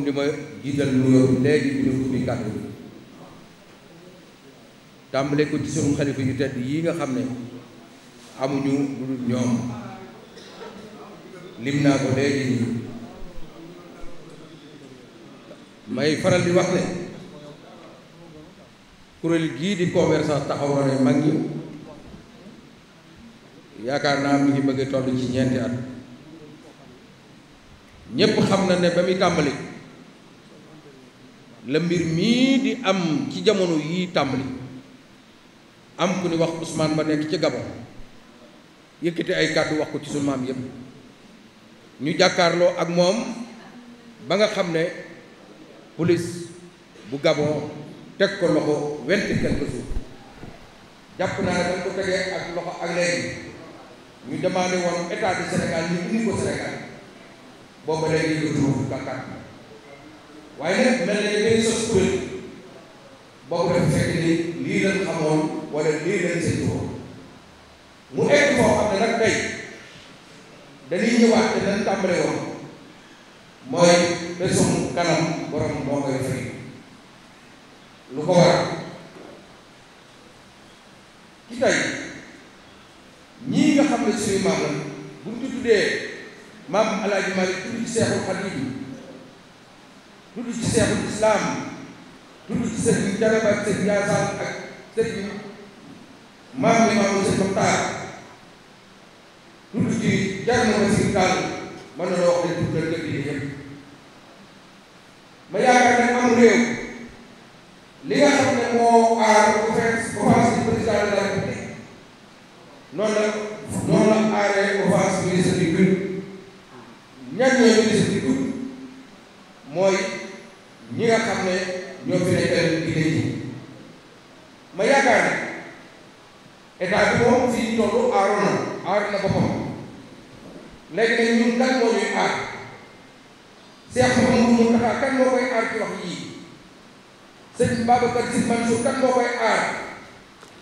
comme li ma jiital nuyoo bi léegi bu ñu ubbi kàddu bi tàmbale ko ci sunu xalifa yu tedd yi nga xam ne amuñu lu dul ñoom lim naa ko léegi may faral di wax ne kuréel gii di convergence taxaw na mag ñi yaakaar naa mi ngi bëgg toll ci ñeenti at ñépp xam na ne ba muy tàmbali la mbir mii di am ci jamono yii tàmbali am ku ni wax usmaan ba nekk ci Gabon yëkkati ay kàddu wax ko ci sunu maam yëpp ñu jàkkaarloo ak moom ba nga xam ne polis bu Gabon teg ko loxo vingt et quelques jours jàpp naa ne dañ ko tegee ak loxo ak léegi ñu demandé woon état du Sénégal ñu indi ko Sénégal booba léegi ñu tuur waaye nag mel na benn sos kuréel boobu dafa fekk ni lii lañ xamoon wala lii lañ seen tuur mu egg foo xam ne nag tey dañuy ñëwaat te dañ tàmbale woon mooy bésum kanam borom moo koy fay lu ko waral ci tey ñii nga xam ne suñu maam la bu ñu tuddee maam El Hadj Malick tudd Seexul Xadiim dudd ci seexul islaam dudd ci sëriñ Jarabat sëriñ Njaasaan ak sëriñ maam li maamul sëriñ Muxtaar dudd ci jarno ma si daal mën na wax ne tuddal dëkk yi yëpp ma yaakaar ne am réew xam ne ñoo fi nekkal diine ji ma yaakaar ne état bi moom fii toll aaroon na aar na boppam léegi nag ñun kan moo ñuy aar Cheikh Mouhamadou Mountakha kan moo koy aar ci wax yii sëñ Babacar Sy Mansour kan moo koy aar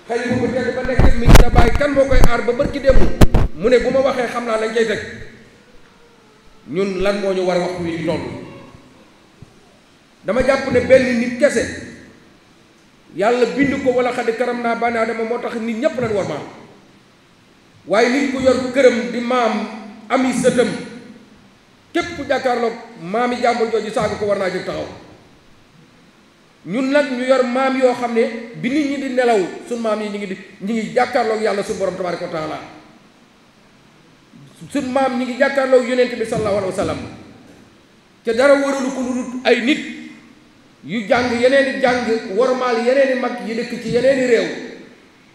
xëy bu ko tedd ba nekk mi ngi bàyyi kan moo koy aar ba bërki dem mu ne bu ma waxee xam naa lañ cay teg ñun lan moo ñu war wax wi ñu dama jàpp ne benn nit kese yàlla bind ko wala xadi karam naa bànni adama moo tax nit ñépp lañ war maam waaye nit ku yor këram di maam ami sëtam képp ku jàkkaarloog maami jàmbur jooju saaga ko war naa jóg taxaw ñun nag ñu yor maam yoo xam ne bi nit ñi di nelaw suñ maam yi ñu ngi di ñu ngi jàkkaarloog yàlla suñ borom tabaaraka wa taala suñ maam ñu ngi jàkkaarloog yonent bi sallallahu alayhi wa sallam dara waralu ko ay nit yu jàng yeneen i jàng wormaal yeneen i mag yi dëkk ci yeneen réew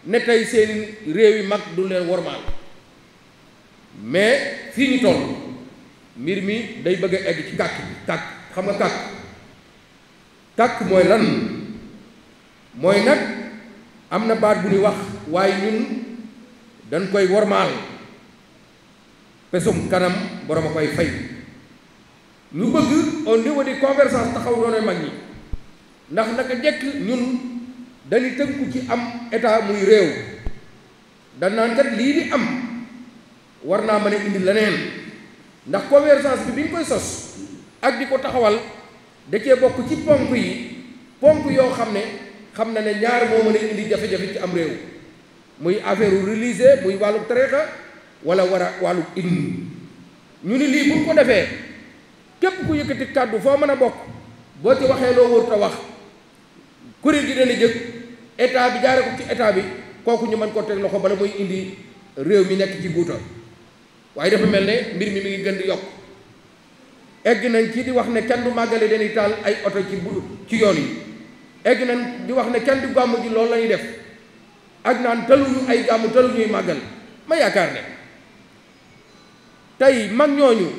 ne tey seeni réew yi mag du leen wormaal mais fii ñu toll mbir mi day bëgg a egg ci kàkk bi kàkk xam nga kàkk kàkk mooy lan mooy nag am na baat bu ñuy wax waaye ñun dañ koy wormaal pesum kanam borom a koy fay lu bëgg au niveau di convergence taxaw doone mag ñi ndax naka jekk ñun dañu tënku ci am état muy réew danaan kat lii di am war naa mën a indi leneen ndax convergence bi bi koy sos ak di ko taxawal da cee bokk ci ponk yi ponk yoo xam ne xam na ne ñaar moo mën a indi jafe-jafe ci am réew muy affaire religieux muy wàllu tarixa wala war a wàllu indi ñu ni lii buñ ko defee képp ku yëkkati kàddu foo mën a bokk boo ci waxee loo wër wax kuréel gi dana jëkk état bi jaare ko ci état bi kooku ñu mën ko teg loxo bala muy indi réew mi nekk ci guuta waaye dafa mel ne mbir mi mi ngi gën di yokk egg nañ ci di wax ne kenn du màggale dañuy taal ay oto ci bu ci yoon yi egg nañ di wax ne kenn du gàmm ji loolu lañuy def ak naan taluñu ay gàmm taluñuy màggal ma yaakaar ne tey mag ñooñu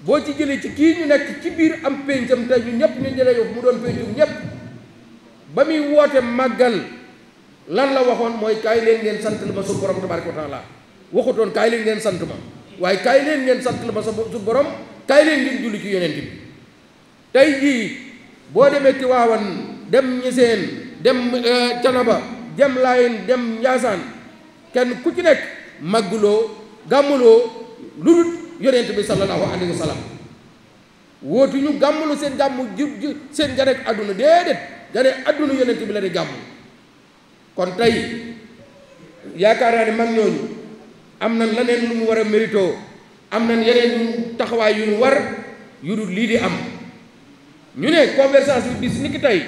boo ci jëlee ci kii ñu nekk ci biir am péncam tey ñu ñëpp ñu jëlee mu doon péncum ñëpp ba muy woote màggal lan la waxoon mooy kaay leen ngeen sant la ma su borom tabaraka wa taala waxutoon kaay leen ngeen sant ma waaye kaay leen ngeen sant la ma sa su borom kaay leen ngeen julli ci yonent bi tey jii boo demee ci waawan dem ñiseen dem eh, canaba dem dem njaasaan kenn ku ci nekk màgguloo gàmmuloo lu dul yonent bi sallallahu alayhi wa sallam wootuñu gàmmulu seen jàmm ji seen njarek àdduna déedéet dane adduna yonent bi la di gàmm kon tey yaakaar naa ne mag ñooñu am na leneen lu mu war a mérito am na yeneen taxawaay yu ñu war yu dul lii di am ñu ne convergence bi bis ni ki tey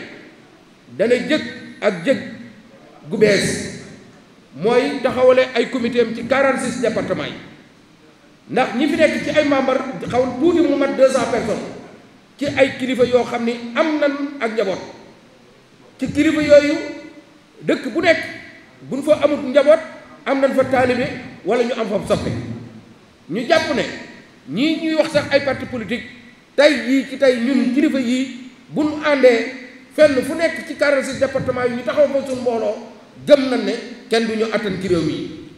dana jëg ak jëg gu bees mooy taxawale ay comité ci 46 départements yi ndax ñi fi nekk ci ay membres xaw tuuti mu mat 200 personnes ci ay kilifa yoo xam ni am nan ak njaboot. ci kilifa yooyu dëkk bu nekk bu nu fa amut njaboot am nañ fa taalibe wala ñu am fa soppe ñu jàpp ne ñii ñuy wax sax ay parti politique tey yii ci tey ñun kilifa yii buñ àndee fenn fu nekk ci 46 département yi ñu taxaw fa suñu mbooloo gëm na ne kenn du ñu attan ci réew mi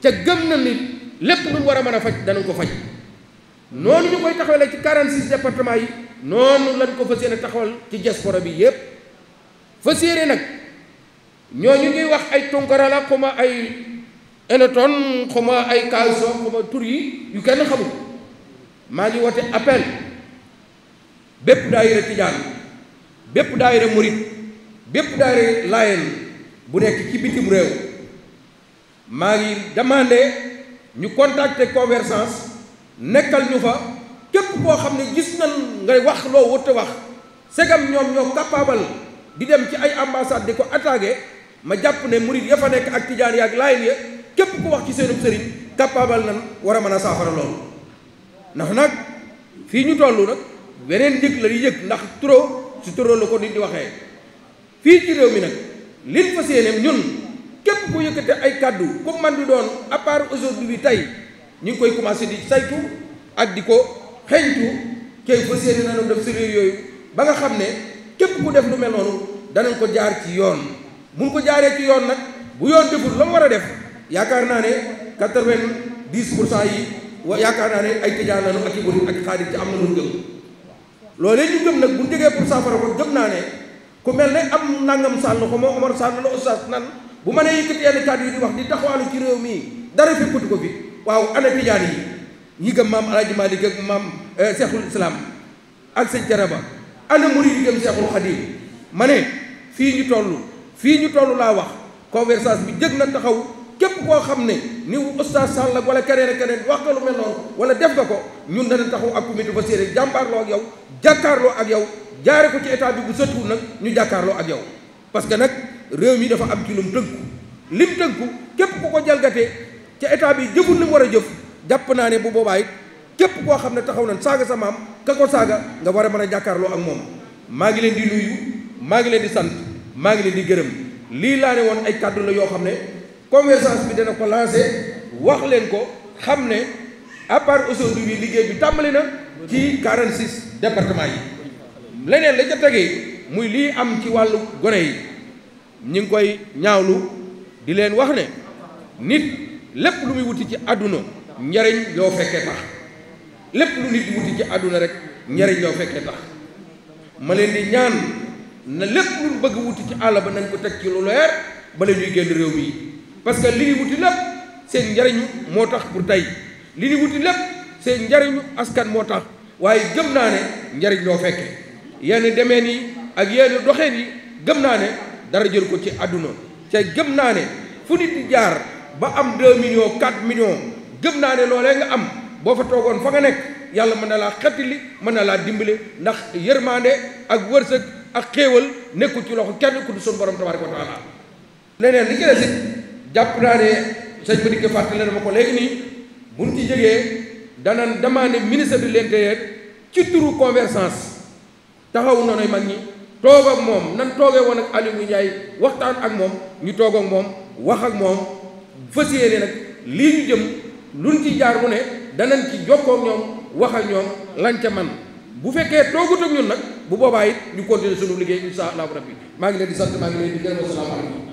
ca gëm na ni lépp luñ war a mën a faj danañ ko faj noonu ñu koy taxawale ci 46 département yi noonu lañ ko fas yéene taxawal ci diaspora bi yépp fa séeré nag ñoo ñu ngi wax ay tunkara la xuma ay Enerton xuma ay Kalso xuma tur yi yu kenn xamul maa ngi woote appel bépp daayira tijaan bépp daayira murit bépp daayira laayeen bu nekk ci bitim réew maa ngi demandé ñu contacter convergence nekkal ñu fa képp koo xam ne gis nan ngay wax loo wut wax segam ñoom ñoo capable di dem ci ay ambassade di ko attaqué ma jàpp ne murid ya fa nekk ak tijaan yaak laayeen ya képp ko wax ci seenub sëriñ capable nan war a mën a saafara loolu ndax nag fii ñu toll nag weneen njëg la di yëg ndax trop su trop la ko nit di waxee fii ci réew mi nag liñ fa séenéem ñun képp ku yëkkate ay kàddu ko man di doon à part aujourd'hui tey ñu ngi koy commencé di saytu ak di ko xeeñtu kay fa séené nanu def sëriñ yooyu ba nga xam ne képp ku def lu mel noonu danañ ko jaar ci yoon mun ko jaaree ci yoon nag bu yoon deful la mu war a def yaakaar naa ne quatre-vingt-dix pour cent yi wa yaakaar naa ne ay tijaan lañu ak i murit ak xaadir ci am nag bu ñu jógee pour saafara ko gëm naa ne ku mel ne am nangam sàll ko moo Omar Sall la oustaz nan bu mënee yëkkati yenn kàddu yi di wax di taxawaalu ci réew mi dara fekkutu ko fi waaw ana jaan yi ñi gëm maam Alaaji Maalik ak maam eh, Seexul Islaam ak sëñ Jaraba ana murid gëm Seexul Xadiim ma ne fii ñu toll fii ñu toll laa wax conversation bi jëg na taxaw képp koo xam ne ni oustaz Sall ak wala keneen ak keneen wax nga lu mel wala def nga ko ñun dana taxaw ak comité ba séeréer jàmbaarloo ak yow ak yow jaare ko ci état bi bu sëttuwul nag ñu jàkkaarloo ak yow parce que nag réew mi dafa am ci lu mu tënku lim tënku képp ku ko jalgate ca état bi jëful li war a jëf jàpp naa ne bu boobaa it képp koo xam ne taxaw nañ saaga sa maam ka ko saaga nga war a mën a jàkkaarloo ak moom maa ngi leen di nuyu maa ngi leen di sant maa ngi leen di gërëm lii laa ne woon ay kàddu la yoo xam ne convergence bi dana ko lancé wax leen ko xam ne à part aujourd'hui bi liggéey bi tàmbali na ci 46 département yi leneen la ca tegee muy lii am ci wàllu gone yi ñi ngi koy ñaawlu di leen wax ne nit lépp lu muy wuti ci àdduna njariñ yoo fekkee tax lépp lu nit wuti ci àdduna rek njariñ loo fekkee tax ma leen di ñaan na lépp lu bëgg wuti ci àll ba nañ ko teg ci lu leer bala ñuy génn réew mi parce que li wuti lépp seen njariñu moo tax pour tey li ñu wuti lépp seen njariñu askan moo tax waaye gëm naa ne njariñ loo fekke yenn demeen yi ak yenn doxeen yi gëm naa ne dara jël ko ci àdduna te gëm naa ne fu nit jaar ba am 2 millions 4 millions gëm naa ne loolee nga am boo fa toogoon fa nga nekk yàlla mën na laa li mën na laa dimbale ndax yërmande ak wërsëg ak xéewal nekkul ci loxo kenn ku du suñu borom tabaaraka wa taala leneen li ci des it jàpp naa ne sëñ ba dikke fàttali na ma ko léegi nii buñ ci jógee danan demandé bi de l'intérieur ci turu convergence taxaw noonu mag ñi toog ak moom nan toogee woon ak Aliou Ndiaye waxtaan ak moom ñu toog ak moom wax ak moom fas yéene nag lii ñu jëm luñ ci jaar mu ne danañ ci jokkoo ak ñoom wax ak ñoom lan ca man bu fekkee toogut ak ñun nag bu boobaa it ñu continuer sunu liggéey incha allahu rabbi maa ngi leen di sant maa ngi leen di gërëm asalaamaaleykum